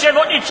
przewodniczący!